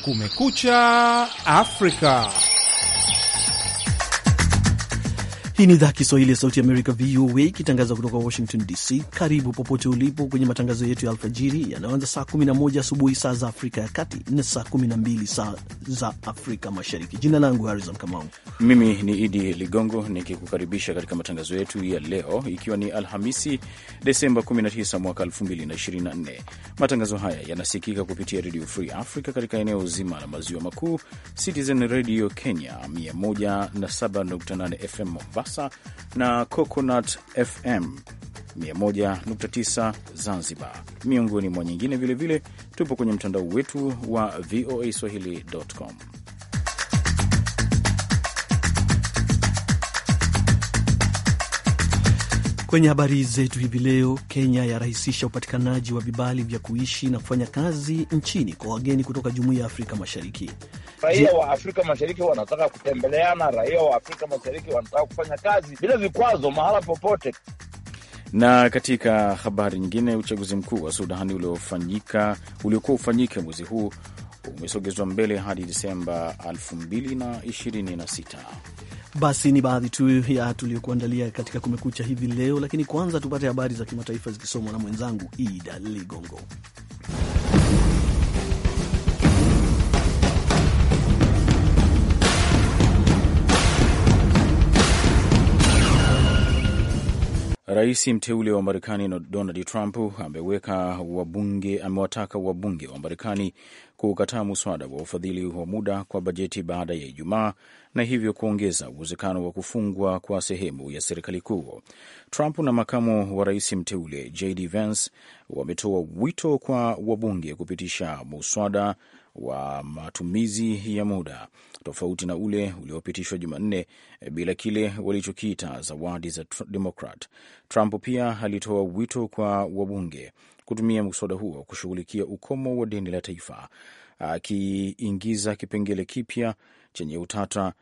Kumekucha Afrika. Hii ni idhaa Kiswahili ya Sauti ya Amerika, VOA, ikitangaza kutoka Washington DC. Karibu popote ulipo kwenye matangazo yetu ya alfajiri yanayoanza saa 11 asubuhi saa za Afrika ya Kati na saa 12 saa za Afrika Mashariki. Jina langu Harrison Kamau, mimi ni Idi Ligongo nikikukaribisha katika matangazo yetu ya leo, ikiwa ni Alhamisi Desemba 19 mwaka 2024. Matangazo haya yanasikika kupitia Redio Free Africa katika eneo zima la maziwa makuu, Citizen Radio Kenya 107.8 FM Mombasa, Mombasa na Coconut FM 101.9 Zanzibar, miongoni mwa nyingine. Vilevile tupo kwenye mtandao wetu wa VOA swahili.com. Kwenye habari zetu hivi leo, Kenya yarahisisha upatikanaji wa vibali vya kuishi na kufanya kazi nchini kwa wageni kutoka jumuiya ya Afrika Mashariki raia wa Afrika Mashariki wanataka kutembeleana, raia wa Afrika Mashariki wanataka kufanya kazi bila vikwazo mahala popote. Na katika habari nyingine, uchaguzi mkuu wa Sudani uliofanyika uliokuwa ufanyike mwezi huu umesogezwa mbele hadi Disemba 2026. Basi ni baadhi tu ya tuliyokuandalia katika Kumekucha hivi leo, lakini kwanza tupate habari za kimataifa zikisomwa na mwenzangu Ida Ligongo. Rais mteule wa Marekani Donald Trump ameweka wabunge, amewataka wabunge wa Marekani kukataa muswada wa ufadhili wa muda kwa bajeti baada ya Ijumaa na hivyo kuongeza uwezekano wa kufungwa kwa sehemu ya serikali kuu. Trump na makamu wa rais mteule JD Vance wametoa wito kwa wabunge kupitisha muswada wa matumizi ya muda tofauti na ule uliopitishwa Jumanne eh, bila kile walichokiita zawadi za Demokrat. Trump pia alitoa wito kwa wabunge kutumia mswada huo kushughulikia ukomo wa deni la taifa, akiingiza kipengele kipya chenye utata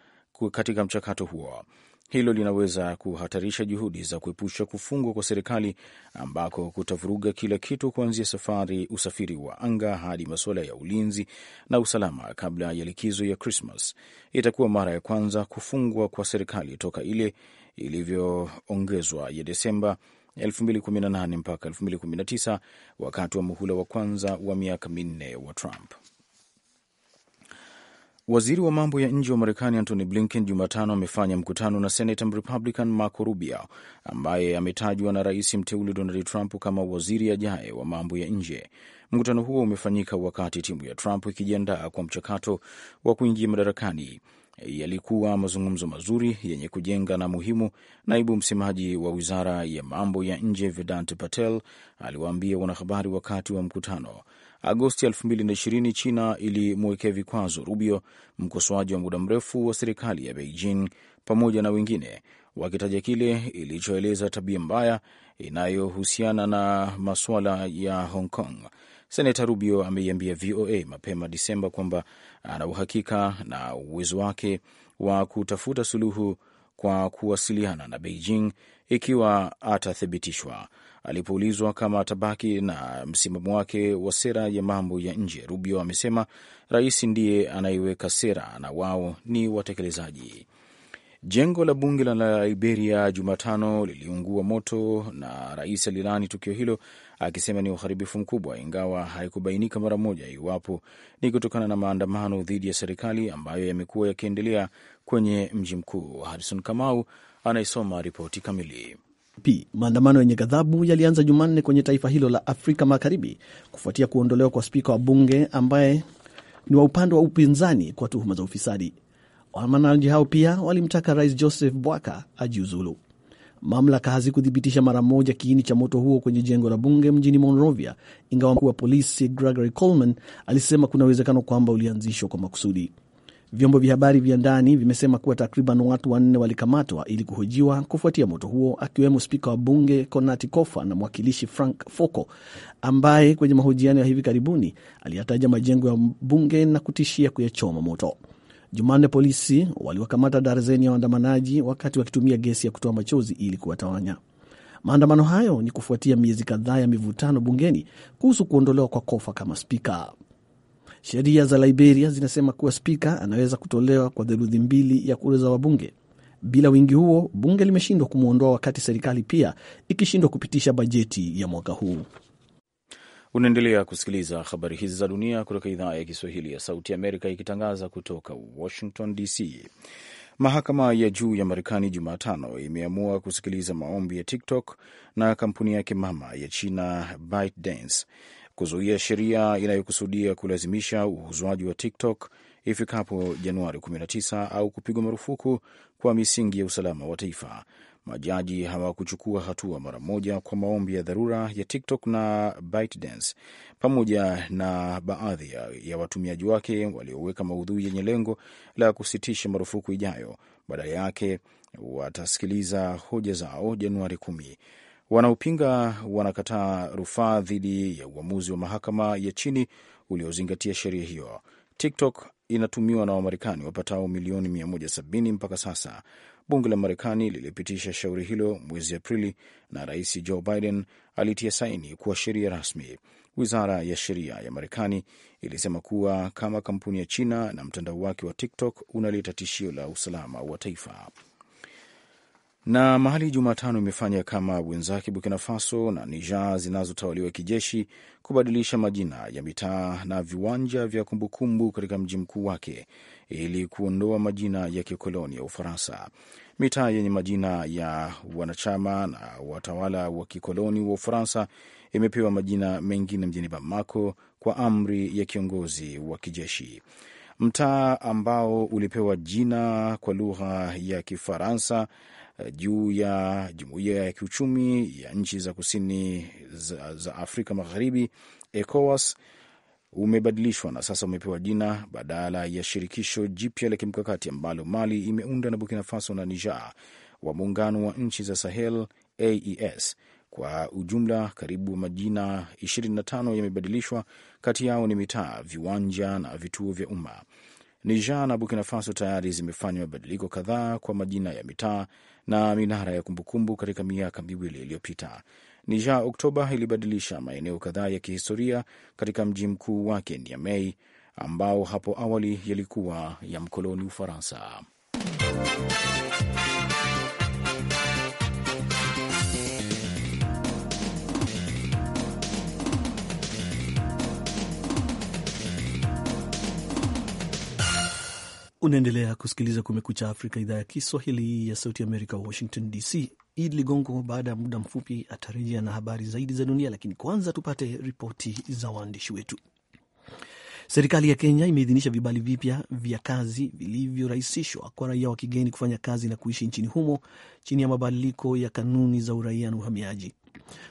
katika mchakato huo. Hilo linaweza kuhatarisha juhudi za kuepusha kufungwa kwa serikali ambako kutavuruga kila kitu kuanzia safari, usafiri wa anga hadi masuala ya ulinzi na usalama. Kabla ya likizo ya Krismas, itakuwa mara ya kwanza kufungwa kwa serikali toka ile ilivyoongezwa ya Desemba 2018 mpaka 2019 wakati wa muhula wa kwanza wa miaka minne wa Trump. Waziri wa mambo ya nje wa Marekani Antony Blinken Jumatano amefanya mkutano na senata Mrepublican Marco Rubio ambaye ametajwa na rais mteule Donald Trump kama waziri ajaye wa mambo ya nje. Mkutano huo umefanyika wakati timu ya Trump ikijiandaa kwa mchakato wa kuingia madarakani. Yalikuwa mazungumzo mazuri yenye kujenga na muhimu, naibu msemaji wa wizara ya mambo ya nje Vedant Patel aliwaambia wanahabari wakati wa mkutano. Agosti 2020 China ilimwekea vikwazo Rubio, mkosoaji wa muda mrefu wa serikali ya Beijing, pamoja na wengine wakitaja kile ilichoeleza tabia mbaya inayohusiana na masuala ya Hong Kong. Senata Rubio ameiambia VOA mapema disemba kwamba ana uhakika na uwezo wake wa kutafuta suluhu kwa kuwasiliana na Beijing ikiwa atathibitishwa. Alipoulizwa kama atabaki na msimamo wake wa sera ya mambo ya nje, Rubio amesema rais ndiye anayeweka sera na wao ni watekelezaji. Jengo la bunge la Liberia Jumatano liliungua moto na rais alilaani tukio hilo akisema ni uharibifu mkubwa, ingawa haikubainika mara moja iwapo ni kutokana na maandamano dhidi ya serikali ambayo yamekuwa yakiendelea kwenye mji mkuu. Harrison Kamau anayesoma ripoti kamili. Maandamano yenye ghadhabu yalianza Jumanne kwenye taifa hilo la Afrika Magharibi kufuatia kuondolewa kwa spika wa bunge ambaye ni wa upande wa upinzani kwa tuhuma za ufisadi. Waandamanaji hao pia walimtaka Rais Joseph Bwaka ajiuzulu. Mamlaka hazikuthibitisha mara moja kiini cha moto huo kwenye jengo la bunge mjini Monrovia, ingawa mkuu wa polisi Gregory Coleman alisema kuna uwezekano kwamba ulianzishwa kwa makusudi. Vyombo vya habari vya ndani vimesema kuwa takriban watu wanne walikamatwa ili kuhojiwa kufuatia moto huo, akiwemo spika wa bunge Konati Kofa na mwakilishi Frank Foko ambaye kwenye mahojiano ya hivi karibuni aliyataja majengo ya bunge na kutishia kuyachoma moto. Jumanne polisi waliwakamata darzeni ya waandamanaji wakati wakitumia gesi ya kutoa machozi ili kuwatawanya. Maandamano hayo ni kufuatia miezi kadhaa ya mivutano bungeni kuhusu kuondolewa kwa Kofa kama spika. Sheria za Liberia zinasema kuwa spika anaweza kutolewa kwa theluthi mbili ya kura za wabunge. Bila wingi huo, bunge limeshindwa kumwondoa, wakati serikali pia ikishindwa kupitisha bajeti ya mwaka huu. Unaendelea kusikiliza habari hizi za dunia kutoka idhaa ya Kiswahili ya Sauti Amerika, ikitangaza kutoka Washington DC. Mahakama ya juu ya Marekani Jumatano imeamua kusikiliza maombi ya TikTok na kampuni yake mama ya China ByteDance kuzuia sheria inayokusudia kulazimisha uuzwaji wa TikTok ifikapo Januari 19 au kupigwa marufuku kwa misingi ya usalama wa taifa. Majaji hawakuchukua hatua mara moja kwa maombi ya dharura ya TikTok na ByteDance pamoja na baadhi ya watumiaji wake walioweka maudhui yenye lengo la kusitisha marufuku ijayo. Badala yake watasikiliza hoja zao Januari kumi. Wanaopinga wanakataa rufaa dhidi ya uamuzi wa mahakama ya chini uliozingatia sheria hiyo. TikTok inatumiwa na Wamarekani wapatao milioni 170 mpaka sasa. Bunge la Marekani lilipitisha shauri hilo mwezi Aprili na Rais Joe Biden alitia saini kuwa sheria rasmi. Wizara ya sheria ya Marekani ilisema kuwa kama kampuni ya China na mtandao wake wa TikTok unaleta tishio la usalama wa taifa. Na Mali Jumatano imefanya kama wenzake Burkina Faso na Niger zinazotawaliwa kijeshi kubadilisha majina ya mitaa na viwanja vya kumbukumbu katika mji mkuu wake ili kuondoa majina ya kikoloni ya Ufaransa. Mitaa yenye majina ya wanachama na watawala wa kikoloni wa Ufaransa imepewa majina mengine mjini Bamako kwa amri ya kiongozi wa kijeshi. Mtaa ambao ulipewa jina kwa lugha ya Kifaransa Eh, juu ya jumuiya ya kiuchumi ya nchi za kusini za, za Afrika Magharibi, ECOWAS umebadilishwa na sasa umepewa jina badala ya shirikisho jipya la kimkakati ambalo Mali imeunda na Burkina Faso na Niger wa muungano wa nchi za Sahel AES. Kwa ujumla karibu majina 25 yamebadilishwa, kati yao ni mitaa, viwanja na vituo vya umma. Niger na Burkina Faso tayari zimefanya mabadiliko kadhaa kwa majina ya mitaa na minara ya kumbukumbu katika miaka miwili iliyopita. Nija Oktoba ilibadilisha maeneo kadhaa ya kihistoria katika mji mkuu wake Niamey, ambao hapo awali yalikuwa ya mkoloni Ufaransa. Unaendelea kusikiliza Kumekucha Afrika, idhaa ya Kiswahili ya Sauti Amerika, Washington DC. Id Ligongo baada ya muda mfupi atarejea na habari zaidi za dunia, lakini kwanza tupate ripoti za waandishi wetu. Serikali ya Kenya imeidhinisha vibali vipya vya kazi vilivyorahisishwa kwa raia wa kigeni kufanya kazi na kuishi nchini humo chini ya mabadiliko ya kanuni za uraia na uhamiaji.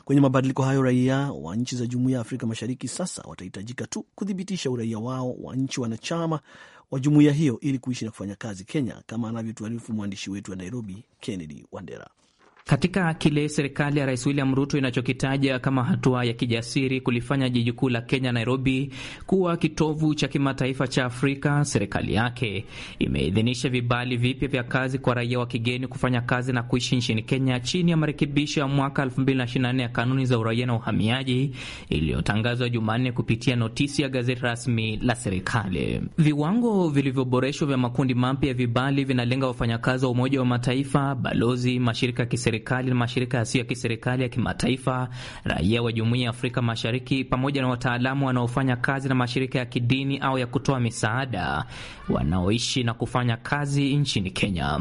Kwenye mabadiliko hayo, raia wa nchi za Jumuiya ya Afrika Mashariki sasa watahitajika tu kuthibitisha uraia wao wa nchi wanachama wa jumuiya hiyo ili kuishi na kufanya kazi Kenya, kama anavyotuarifu mwandishi wetu wa Nairobi, Kennedy Wandera katika kile serikali ya Rais William Ruto inachokitaja kama hatua ya kijasiri kulifanya jiji kuu la Kenya, Nairobi, kuwa kitovu cha kimataifa cha Afrika. Serikali yake imeidhinisha vibali vipya vya kazi kwa raia wa kigeni kufanya kazi na kuishi nchini Kenya chini ya marekebisho ya mwaka 2024 ya kanuni za uraia na uhamiaji iliyotangazwa Jumanne kupitia notisi ya gazeti rasmi la serikali. Viwango vilivyoboreshwa vya makundi mapya ya vibali vinalenga wafanyakazi wa Umoja wa Mataifa, balozi, mashirika ya kiserikali serikali na mashirika yasiyo ya kiserikali ya kimataifa, raia wa jumuiya ya Afrika Mashariki, pamoja na wataalamu wanaofanya kazi na mashirika ya kidini au ya kutoa misaada wanaoishi na kufanya kazi nchini Kenya.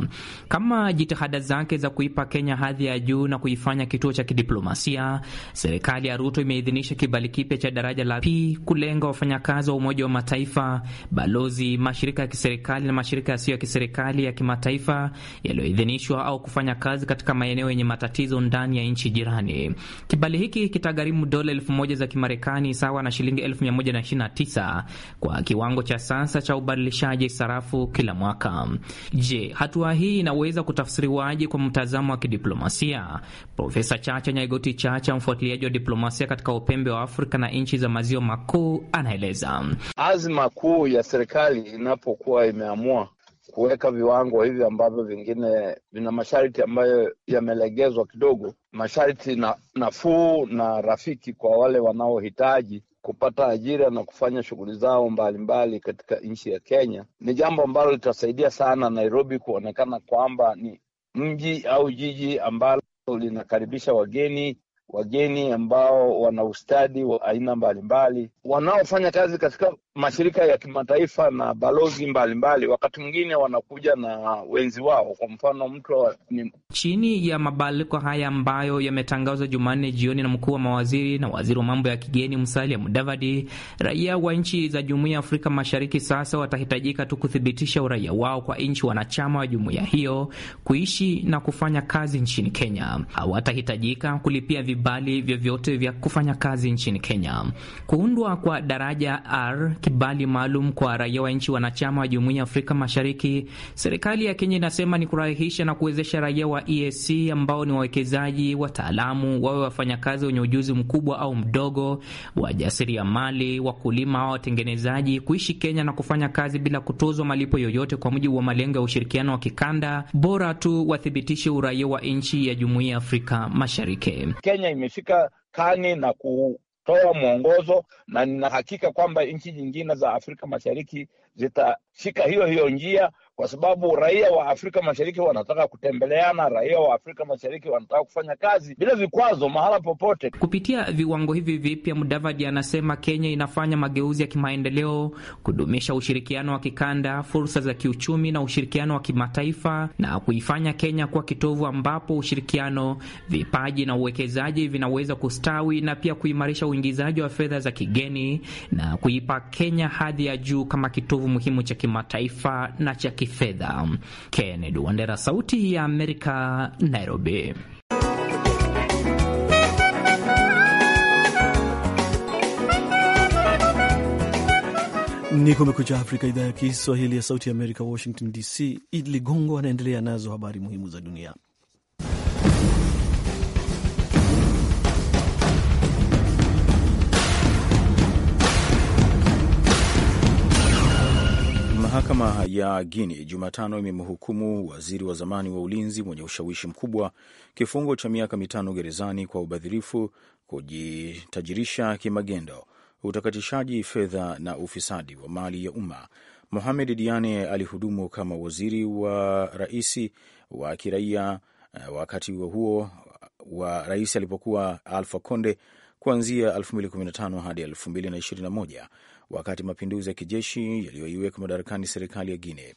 Kama jitihada zake za kuipa Kenya hadhi ya juu na kuifanya kituo cha kidiplomasia, serikali ya Ruto imeidhinisha kibali kipya cha daraja la P kulenga wafanyakazi wa Umoja wa Mataifa, balozi, mashirika ya kiserikali na mashirika yasiyo ya kiserikali ya kimataifa yaliyoidhinishwa au kufanya kazi katika maeneo wenye matatizo ndani ya nchi jirani. Kibali hiki kitagharimu dola elfu moja za Kimarekani sawa na shilingi elfu mia moja na ishirini na tisa kwa kiwango cha sasa cha ubadilishaji sarafu kila mwaka. Je, hatua hii inaweza kutafsiriwaje kwa mtazamo wa kidiplomasia? Profesa Chacha Nyaigoti Chacha, mfuatiliaji wa diplomasia katika upembe wa Afrika na nchi za maziwa makuu, anaeleza azma kuu ya serikali inapokuwa imeamua kuweka viwango hivi ambavyo vingine vina masharti ambayo yamelegezwa kidogo, masharti na nafuu na rafiki kwa wale wanaohitaji kupata ajira na kufanya shughuli zao mbalimbali katika nchi ya Kenya, ni jambo ambalo litasaidia sana Nairobi kuonekana kwamba ni mji au jiji ambalo linakaribisha wageni wageni ambao wana ustadi wa aina mbalimbali wanaofanya kazi katika mashirika ya kimataifa na balozi mbalimbali wakati mwingine wanakuja na wenzi wao. Kwa mfano mtu wa, ni... chini ya mabadiliko haya ambayo yametangazwa Jumanne jioni na mkuu wa mawaziri na waziri wa mambo ya kigeni Musalia Mudavadi, raia wa nchi za Jumuiya ya Afrika Mashariki sasa watahitajika tu kuthibitisha uraia wao kwa nchi wanachama wa jumuiya hiyo kuishi na kufanya kazi nchini Kenya. Hawatahitajika kulipia vibali vyovyote vya kufanya kazi nchini Kenya. Kuundwa kwa daraja R kibali maalum kwa raia wa nchi wanachama wa jumuiya ya Afrika Mashariki, serikali ya Kenya inasema ni kurahisisha na kuwezesha raia wa EAC ambao ni wawekezaji, wataalamu, wawe wafanyakazi wenye ujuzi mkubwa au mdogo, wajasiriamali, wakulima au watengenezaji, kuishi Kenya na kufanya kazi bila kutozwa malipo yoyote, kwa mujibu wa malengo ya ushirikiano wa kikanda, bora tu wathibitishe uraia wa nchi ya jumuiya ya Afrika Mashariki. Kenya imefika kani na ku toa mwongozo, na nina hakika kwamba nchi nyingine za Afrika Mashariki zitashika hiyo hiyo njia kwa sababu raia wa Afrika Mashariki wanataka kutembeleana, raia wa Afrika Mashariki wanataka kufanya kazi bila vikwazo mahala popote. Kupitia viwango hivi vipya, Mudavadi anasema Kenya inafanya mageuzi ya kimaendeleo kudumisha ushirikiano wa kikanda, fursa za kiuchumi na ushirikiano wa kimataifa, na kuifanya Kenya kuwa kitovu ambapo ushirikiano, vipaji na uwekezaji vinaweza kustawi na pia kuimarisha uingizaji wa fedha za kigeni na kuipa Kenya hadhi ya juu kama kitovu muhimu cha kimataifa na cha kifedha. Kennedy Wandera, Sauti ya Amerika, Nairobi. Ni Kumekucha Afrika, idhaa ya Kiswahili ya Sauti ya Amerika, Washington DC. idligongo Ligongo anaendelea nazo habari muhimu za dunia. Mahakama ya Guinea Jumatano imemhukumu waziri wa zamani wa ulinzi mwenye ushawishi mkubwa kifungo cha miaka mitano gerezani kwa ubadhirifu, kujitajirisha kimagendo, utakatishaji fedha na ufisadi wa mali ya umma. Mohamed Diane alihudumu kama waziri wa raisi wa kiraia eh, wakati wa huo wa rais alipokuwa Alpha Conde kuanzia 2015 hadi 2021 wakati mapinduzi ya kijeshi yaliyoiweka madarakani serikali ya guine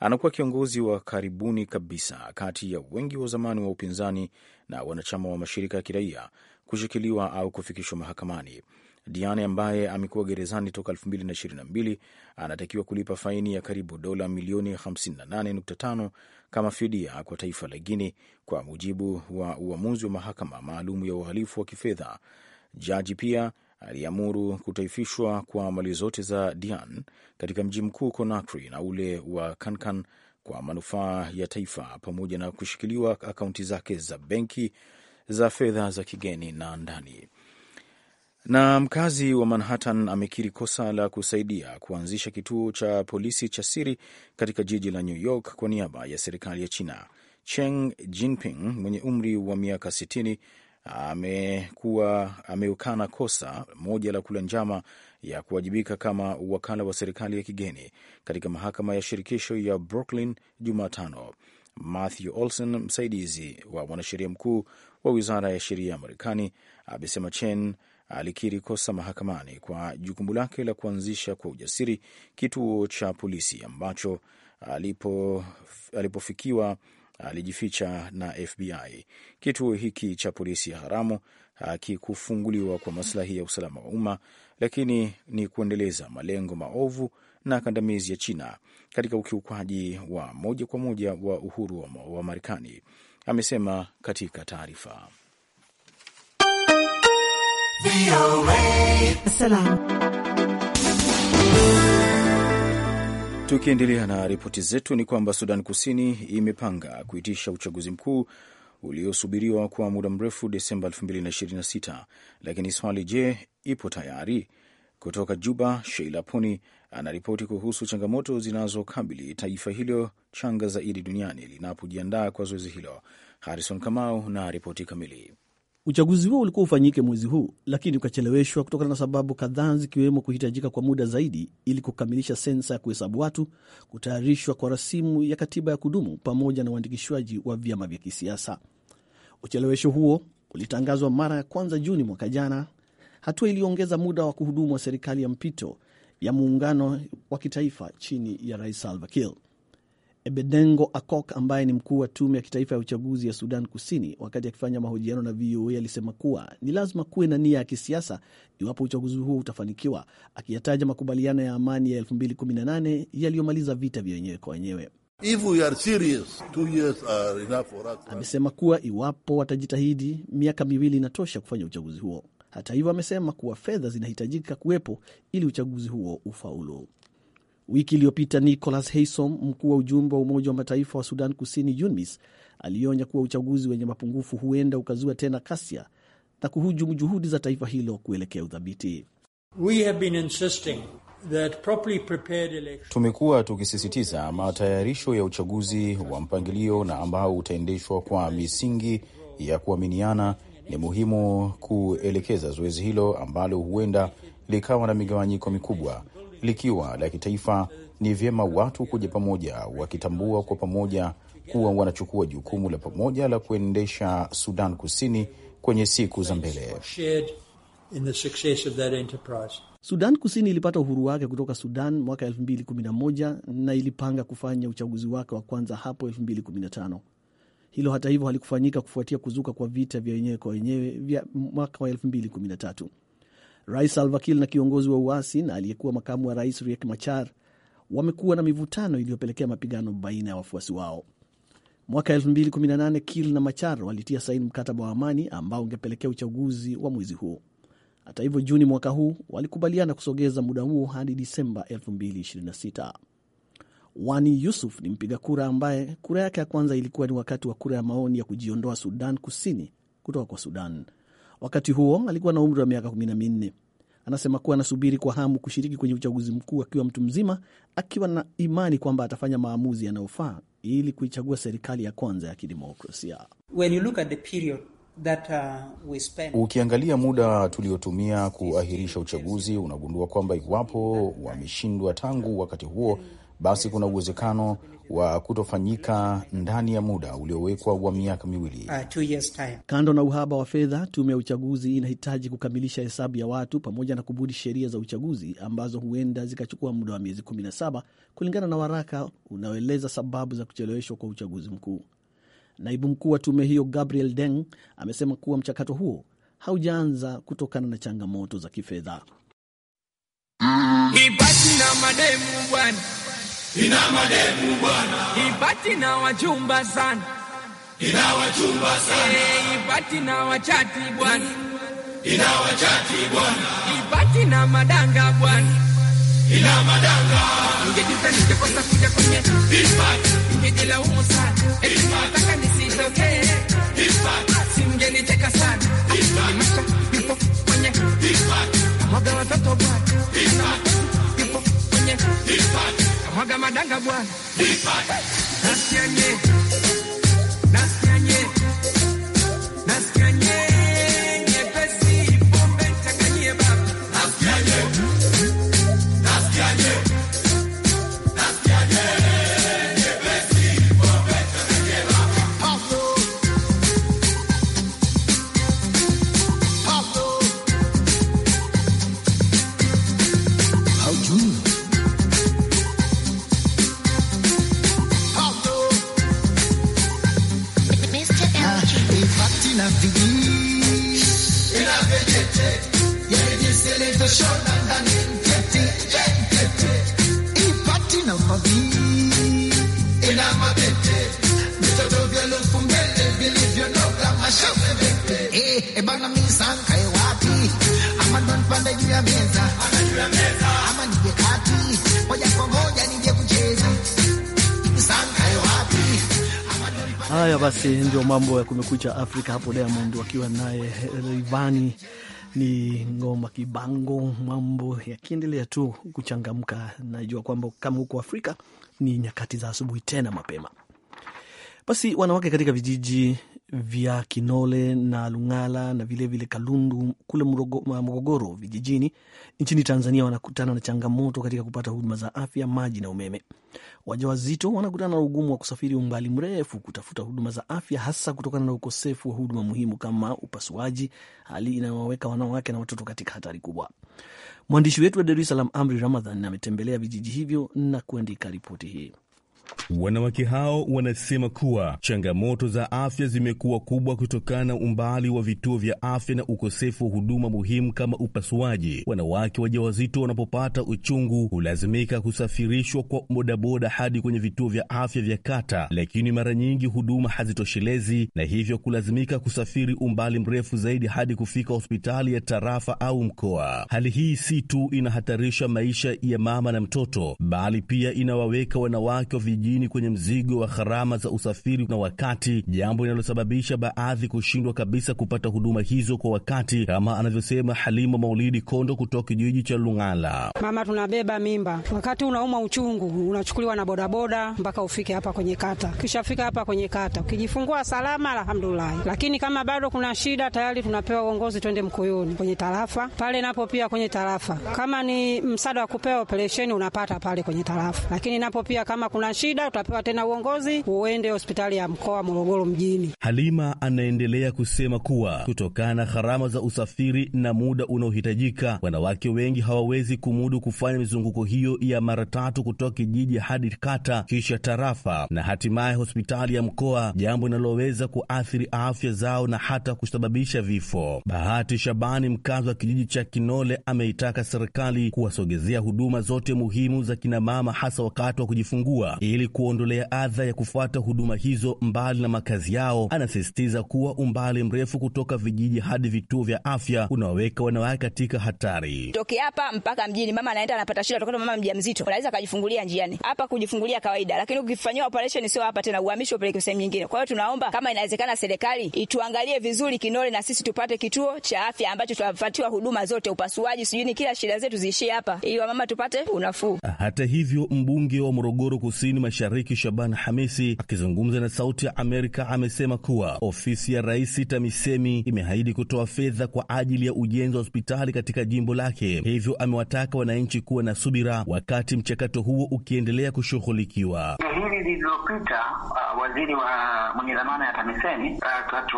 Anakuwa kiongozi wa karibuni kabisa kati ya wengi wa zamani wa upinzani na wanachama wa mashirika ya kiraia kushikiliwa au kufikishwa mahakamani. Diane ambaye amekuwa gerezani toka 2022 anatakiwa kulipa faini ya karibu dola milioni 58.5 kama fidia kwa taifa la guine kwa mujibu wa uamuzi wa mahakama maalum ya uhalifu wa kifedha. Jaji pia aliamuru kutaifishwa kwa mali zote za Dian katika mji mkuu Conakry na ule wa Kankan kwa manufaa ya taifa, pamoja na kushikiliwa akaunti zake za benki za fedha za kigeni na ndani. Na mkazi wa Manhattan amekiri kosa la kusaidia kuanzisha kituo cha polisi cha siri katika jiji la New York kwa niaba ya serikali ya China. Cheng Jinping mwenye umri wa miaka 60 amekuwa ameukana kosa moja la kula njama ya kuwajibika kama wakala wa serikali ya kigeni katika mahakama ya shirikisho ya Brooklyn Jumatano. Matthew Olson, msaidizi wa mwanasheria mkuu wa wizara ya sheria ya Marekani, amesema Chen alikiri kosa mahakamani kwa jukumu lake la kuanzisha kwa ujasiri kituo cha polisi ambacho alipo, alipofikiwa alijificha na FBI. Kituo hiki cha polisi ya haramu hakikufunguliwa kwa maslahi ya usalama wa umma, lakini ni kuendeleza malengo maovu na kandamizi ya China katika ukiukwaji wa moja kwa moja wa uhuru wa Marekani, amesema katika taarifa. Tukiendelea na ripoti zetu ni kwamba Sudan Kusini imepanga kuitisha uchaguzi mkuu uliosubiriwa kwa muda mrefu Desemba 2026 lakini swali, je, ipo tayari? Kutoka Juba, Sheila Poni anaripoti kuhusu changamoto zinazokabili taifa hilo changa zaidi duniani linapojiandaa kwa zoezi hilo. Harrison Kamau na ripoti kamili. Uchaguzi huo ulikuwa ufanyike mwezi huu, lakini ukacheleweshwa kutokana na sababu kadhaa zikiwemo kuhitajika kwa muda zaidi ili kukamilisha sensa ya kuhesabu watu, kutayarishwa kwa rasimu ya katiba ya kudumu pamoja na uandikishwaji wa vyama vya kisiasa. Uchelewesho huo ulitangazwa mara ya kwanza Juni mwaka jana, hatua iliyoongeza muda wa kuhudumu wa serikali ya mpito ya muungano wa kitaifa chini ya Rais Salva Kiir. Ebedengo Akok ambaye ni mkuu wa tume ya kitaifa ya uchaguzi ya Sudan Kusini, wakati akifanya mahojiano na VOA alisema kuwa ni lazima kuwe na nia ya kisiasa iwapo uchaguzi huo utafanikiwa, akiyataja makubaliano ya amani ya 2018 yaliyomaliza vita vya wenyewe kwa wenyewe. Amesema kuwa iwapo watajitahidi, miaka miwili inatosha kufanya uchaguzi huo. Hata hivyo, amesema kuwa fedha zinahitajika kuwepo ili uchaguzi huo ufaulu. Wiki iliyopita Nicholas Haysom, mkuu wa ujumbe wa Umoja wa Mataifa wa Sudan Kusini, UNMISS, alionya kuwa uchaguzi wenye mapungufu huenda ukazua tena kasia na kuhujumu juhudi za taifa hilo kuelekea udhabiti. Tumekuwa tukisisitiza matayarisho ya uchaguzi wa mpangilio na ambao utaendeshwa kwa misingi ya kuaminiana. Ni muhimu kuelekeza zoezi hilo ambalo huenda likawa na migawanyiko mikubwa likiwa la kitaifa, ni vyema watu kuja pamoja, wakitambua kwa pamoja kuwa wanachukua jukumu la pamoja la kuendesha Sudan Kusini kwenye siku za mbele. Sudan Kusini ilipata uhuru wake kutoka Sudan mwaka 2011 na ilipanga kufanya uchaguzi wake wa kwanza hapo 2015. Hilo hata hivyo halikufanyika kufuatia kuzuka kwa vita vya wenyewe kwa wenyewe vya mwaka wa 2013. Rais Salva Kiir na kiongozi wa uasi na aliyekuwa makamu wa rais Riek Machar wamekuwa na mivutano iliyopelekea mapigano baina ya wafuasi wao. Mwaka 2018 Kiir na Machar walitia saini mkataba wa amani ambao ungepelekea uchaguzi wa mwezi huo. Hata hivyo, Juni mwaka huu walikubaliana kusogeza muda huo hadi Disemba 2026. Wani Yusuf ni mpiga kura ambaye kura yake ya kwanza ilikuwa ni wakati wa kura ya maoni ya kujiondoa Sudan Kusini kutoka kwa Sudan. Wakati huo alikuwa na umri wa miaka kumi na minne. Anasema kuwa anasubiri kwa hamu kushiriki kwenye uchaguzi mkuu akiwa mtu mzima, akiwa na imani kwamba atafanya maamuzi yanayofaa ili kuichagua serikali ya kwanza ya kidemokrasia. Uh, spend... ukiangalia muda tuliotumia kuahirisha uchaguzi unagundua kwamba iwapo wameshindwa tangu wakati huo, basi kuna uwezekano wa kutofanyika ndani ya muda uliowekwa wa miaka miwili. Uh, kando na uhaba wa fedha, tume ya uchaguzi inahitaji kukamilisha hesabu ya watu pamoja na kubuni sheria za uchaguzi ambazo huenda zikachukua muda wa miezi 17 kulingana na waraka unaoeleza sababu za kucheleweshwa kwa uchaguzi mkuu. Naibu mkuu wa tume hiyo Gabriel Deng amesema kuwa mchakato huo haujaanza kutokana na changamoto za kifedha. Ina mademu bwana. Ibati na wachumba sana. Ina wachumba sana. hey, eh, ibati na wachati bwana. Ina wachati bwana. Ibati na madanga bwana. Ina madanga. Ningejuta ningekosa kuja kwenye. Ibati. Ningejelaumu sana. Eh, ibati. Nataka nisitokee. Ibati. Singenicheka sana. Ibati. Nimesha ipo kwenye. Ibati. Mwaga watoto bwana. Ibati. Nipo kwenye. Ibati. waga madanga bwana ndio mambo ya kumekucha Afrika hapo Diamond wakiwa naye Rayvanny ni ngoma kibango, mambo yakiendelea tu kuchangamka. Najua kwamba kama huko Afrika ni nyakati za asubuhi tena mapema. Basi wanawake katika vijiji vya Kinole na Lung'ala na vilevile vile Kalundu kule Morogoro vijijini nchini Tanzania wanakutana na changamoto katika kupata huduma za afya, maji na umeme. Wajawazito wanakutana na ugumu wa kusafiri umbali mrefu kutafuta huduma za afya, hasa kutokana na ukosefu wa huduma muhimu kama upasuaji, hali inayowaweka wanawake na watoto katika hatari kubwa. Mwandishi wetu wa Dar es Salaam, Amri Ramadhan, ametembelea vijiji hivyo na kuandika ripoti hii. Wanawake hao wanasema kuwa changamoto za afya zimekuwa kubwa kutokana na umbali wa vituo vya afya na ukosefu wa huduma muhimu kama upasuaji. Wanawake wajawazito wanapopata uchungu hulazimika kusafirishwa kwa bodaboda hadi kwenye vituo vya afya vya kata, lakini mara nyingi huduma hazitoshelezi na hivyo kulazimika kusafiri umbali mrefu zaidi hadi kufika hospitali ya tarafa au mkoa. Hali hii si tu inahatarisha maisha ya mama na mtoto, bali pia inawaweka wanawake wa mijini kwenye mzigo wa gharama za usafiri na wakati, jambo linalosababisha baadhi kushindwa kabisa kupata huduma hizo kwa wakati, kama anavyosema Halima Maulidi Kondo kutoka kijiji cha Lung'ala. Mama tunabeba mimba, wakati unauma uchungu, unachukuliwa na bodaboda mpaka ufike hapa kwenye kata, Ukishafika hapa kwenye kata ukijifungua salama, alhamdulillah. Lakini kama bado kuna shida, tayari tunapewa uongozi, twende Mkuyuni kwenye tarafa pale, napo pia kwenye tarafa, kama ni msaada wa kupewa operesheni unapata pale kwenye tarafa, lakini napo pia kama kuna shida shida, utapewa tena uongozi uende hospitali ya mkoa Morogoro mjini. Halima anaendelea kusema kuwa kutokana na gharama za usafiri na muda unaohitajika, wanawake wengi hawawezi kumudu kufanya mizunguko hiyo ya mara tatu kutoka kijiji hadi kata, kisha tarafa na hatimaye hospitali ya mkoa, jambo linaloweza kuathiri afya zao na hata kusababisha vifo. Bahati Shabani, mkazi wa kijiji cha Kinole, ameitaka serikali kuwasogezea huduma zote muhimu za kinamama, hasa wakati wa kujifungua ili ili kuondolea adha ya kufuata huduma hizo mbali na makazi yao. Anasisitiza kuwa umbali mrefu kutoka vijiji hadi vituo vya afya unaweka wanawake katika hatari. Toke hapa mpaka mjini, mama anaenda anapata shida, tokato mama mjamzito anaweza akajifungulia njiani hapa, kujifungulia kawaida, lakini ukifanyiwa operation sio hapa tena, uhamisho upeleke sehemu nyingine. Kwa hiyo tunaomba kama inawezekana, serikali ituangalie vizuri kinole, na sisi tupate kituo cha afya ambacho tutapatiwa huduma zote, upasuaji, sijui ni kila shida zetu ziishie hapa, ili wamama tupate unafuu. Hata hivyo mbunge wa Morogoro Kusini kusini mashariki Shaban Hamisi akizungumza na Sauti ya Amerika amesema kuwa ofisi ya rais TAMISEMI imehaidi kutoa fedha kwa ajili ya ujenzi wa hospitali katika jimbo lake, hivyo amewataka wananchi kuwa na subira wakati mchakato huo ukiendelea kushughulikiwa. Hili lililopita uh, waziri wa uh, mwenye dhamana ya TAMISEMI uh,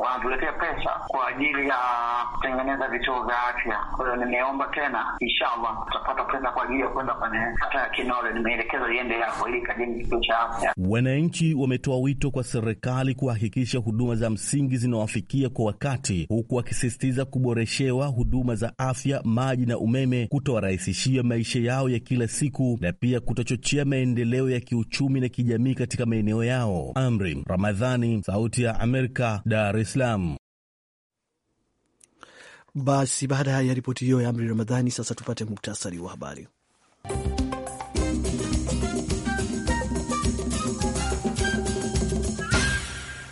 wanatuletea pesa kwa ajili ya kutengeneza vituo vya afya. Kwa hiyo nimeomba tena, inshallah tutapata pesa kwa ajili ya kwenda kwenye hata ya Kinole, nimeelekeza iende yao ili ikajenge kituo cha afya. Wananchi wametoa wito kwa serikali kuhakikisha huduma za msingi zinawafikia kwa wakati, huku wakisisitiza kuboreshewa huduma za afya, maji na umeme, kutowarahisishia maisha yao ya kila siku na pia kutochochea maendeleo ya kiuchumi na kijamii katika maeneo yao. Amri Ramadhani, Sauti ya Amerika, Dar es Salaam. Basi baada ya ripoti hiyo ya Amri Ramadhani, sasa tupate muktasari wa habari.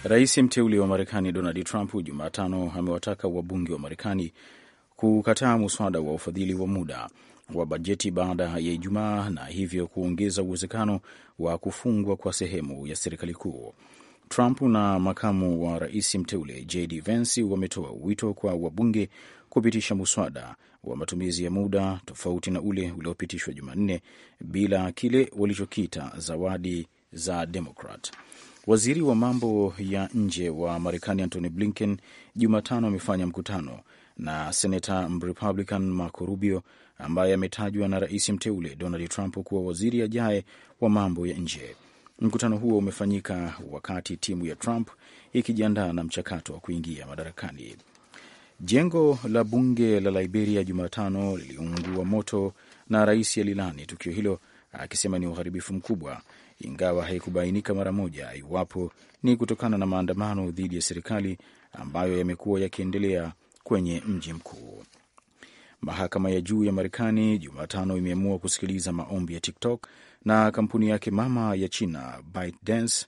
Rais mteule wa Marekani Donald Trump Jumatano amewataka wabunge wa Marekani kukataa muswada wa ufadhili wa muda wa bajeti baada ya Ijumaa na hivyo kuongeza uwezekano wa kufungwa kwa sehemu ya serikali kuu. Trump na makamu wa rais mteule JD Vance wametoa wito kwa wabunge kupitisha muswada wa matumizi ya muda tofauti na ule uliopitishwa Jumanne bila kile walichokiita zawadi za Demokrat. Waziri wa mambo ya nje wa Marekani Antony Blinken Jumatano amefanya mkutano na senata Mrepublican Marco Rubio ambaye ametajwa na rais mteule Donald Trump kuwa waziri ajaye wa mambo ya nje. Mkutano huo umefanyika wakati timu ya Trump ikijiandaa na mchakato wa kuingia madarakani. Jengo la bunge la Liberia Jumatano liliungua moto na rais alilani tukio hilo akisema ni uharibifu mkubwa, ingawa haikubainika mara moja iwapo ni kutokana na maandamano dhidi ya serikali ambayo yamekuwa yakiendelea kwenye mji mkuu. Mahakama ya juu ya Marekani Jumatano imeamua kusikiliza maombi ya TikTok na kampuni yake mama ya China ByteDance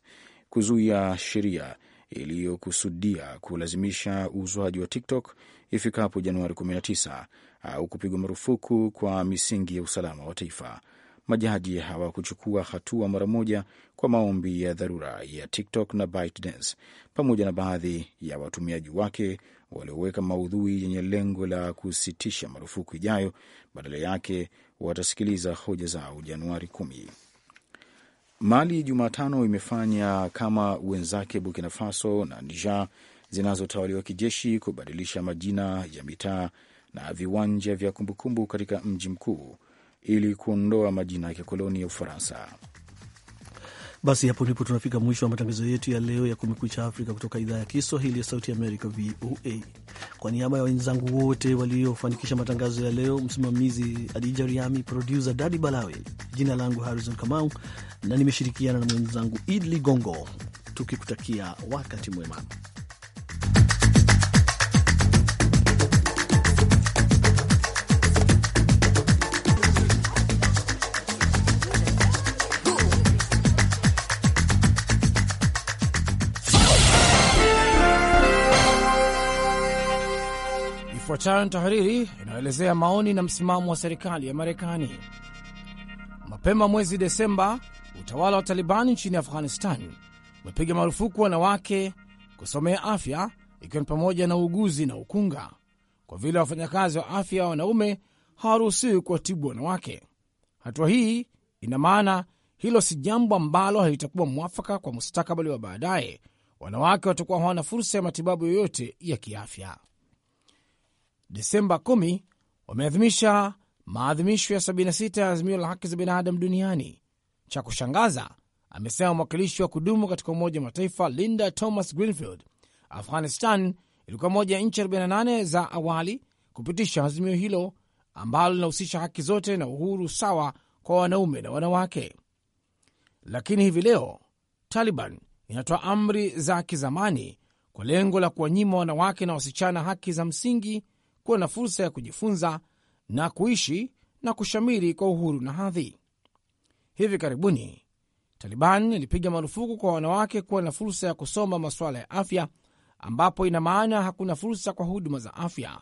kuzuia sheria iliyokusudia kulazimisha uuzwaji wa TikTok ifikapo Januari 19 au kupigwa marufuku kwa misingi ya usalama wa taifa majaji hawakuchukua hatua mara moja kwa maombi ya dharura ya TikTok na ByteDance pamoja na baadhi ya watumiaji wake walioweka maudhui yenye lengo la kusitisha marufuku ijayo. Badala yake watasikiliza hoja zao Januari kumi. Mali Jumatano imefanya kama wenzake Burkina Faso na Niger zinazotawaliwa kijeshi kubadilisha majina ya mitaa na viwanja vya kumbukumbu katika mji mkuu ili kuondoa majina ya kikoloni ya Ufaransa. Basi hapo ndipo tunafika mwisho wa matangazo yetu ya leo ya Kumekucha Afrika kutoka idhaa ya Kiswahili ya Sauti Amerika, VOA. Kwa niaba ya wenzangu wote waliofanikisha matangazo ya leo, msimamizi Adija Riami, produsa Dadi Balawe, jina langu Harrison Kamau na nimeshirikiana na mwenzangu Id Ligongo, tukikutakia wakati mwema. Ifuatayo ni tahariri inayoelezea maoni na msimamo wa serikali ya Marekani. Mapema mwezi Desemba, utawala wa Talibani nchini Afghanistan umepiga marufuku wanawake kusomea afya, ikiwa ni pamoja na uuguzi na ukunga, kwa vile wafanyakazi wa afya ya wanaume hawaruhusiwi kuwatibu wanawake. Hatua hii ina maana hilo si jambo ambalo halitakuwa mwafaka kwa mustakabali wa baadaye. Wanawake watakuwa hawana fursa ya matibabu yoyote ya kiafya. Desemba 10 wameadhimisha maadhimisho ya 76 ya azimio la haki za binadamu duniani. Cha kushangaza, amesema mwakilishi wa kudumu katika Umoja wa Mataifa Linda Thomas Greenfield, Afghanistan ilikuwa moja ya nchi 48 za awali kupitisha azimio hilo ambalo linahusisha haki zote na uhuru sawa kwa wanaume na wanawake. Lakini hivi leo Taliban inatoa amri za kizamani kwa lengo la kuwanyima wanawake na wasichana haki za msingi kuwa na fursa ya kujifunza na kuishi na kushamiri kwa uhuru na hadhi. Hivi karibuni Taliban ilipiga marufuku kwa wanawake kuwa na fursa ya kusoma masuala ya afya, ambapo ina maana hakuna fursa kwa huduma za afya.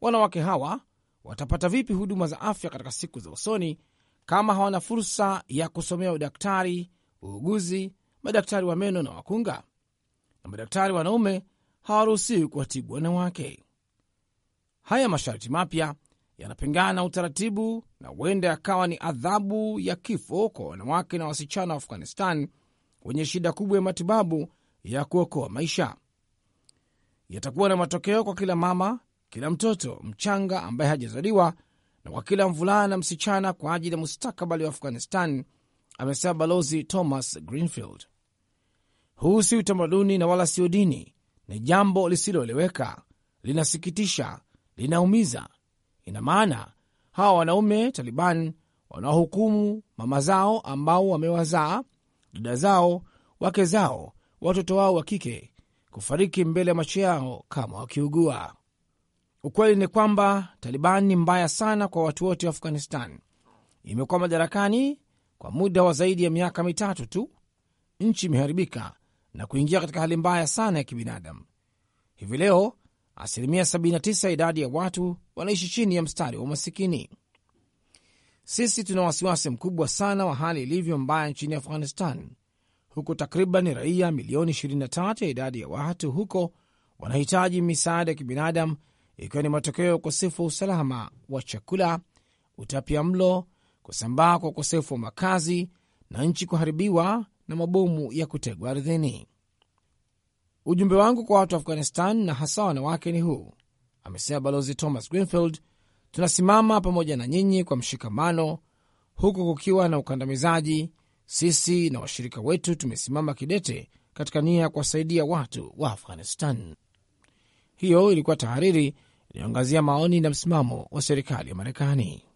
Wanawake hawa watapata vipi huduma za afya katika siku za usoni kama hawana fursa ya kusomea udaktari, uuguzi, madaktari wa meno na wakunga? Na madaktari wanaume hawaruhusiwi kuwatibu wanawake. Haya masharti mapya yanapingana na utaratibu na huenda yakawa ni adhabu ya kifo kwa wanawake na wasichana wa Afghanistan wenye shida kubwa ya matibabu ya kuokoa maisha. Yatakuwa na matokeo kwa kila mama, kila mtoto mchanga ambaye hajazaliwa na kwa kila mvulana na msichana kwa ajili ya mustakabali wa Afghanistan, amesema Balozi Thomas Greenfield. Huu si utamaduni na wala sio dini, ni jambo lisiloeleweka, linasikitisha linaumiza. Ina maana hawa wanaume Taliban wanaohukumu mama zao ambao wamewazaa, dada zao, wake zao, watoto wao wa kike kufariki mbele ya macho yao kama wakiugua. Ukweli ni kwamba Taliban ni mbaya sana kwa watu wote wa Afghanistan. Imekuwa madarakani kwa muda wa zaidi ya miaka mitatu tu. Nchi imeharibika na kuingia katika hali mbaya sana ya kibinadamu. Hivi leo asilimia 79 idadi ya watu wanaishi chini ya mstari wa umasikini. Sisi tuna wasiwasi mkubwa sana wa hali ilivyo mbaya nchini Afghanistan, huku takriban raia milioni 23 ya idadi ya watu huko wanahitaji misaada ya kibinadamu, ikiwa ni matokeo ya ukosefu wa usalama wa chakula, utapia mlo, kusambaa kwa ukosefu wa makazi na nchi kuharibiwa na mabomu ya kutegwa ardhini. Ujumbe wangu kwa watu wa Afghanistan na hasa wanawake ni huu, amesema Balozi Thomas Greenfield. Tunasimama pamoja na nyinyi kwa mshikamano, huku kukiwa na ukandamizaji. Sisi na washirika wetu tumesimama kidete katika nia ya kuwasaidia watu wa Afghanistan. Hiyo ilikuwa tahariri inayoangazia maoni na msimamo wa serikali ya Marekani.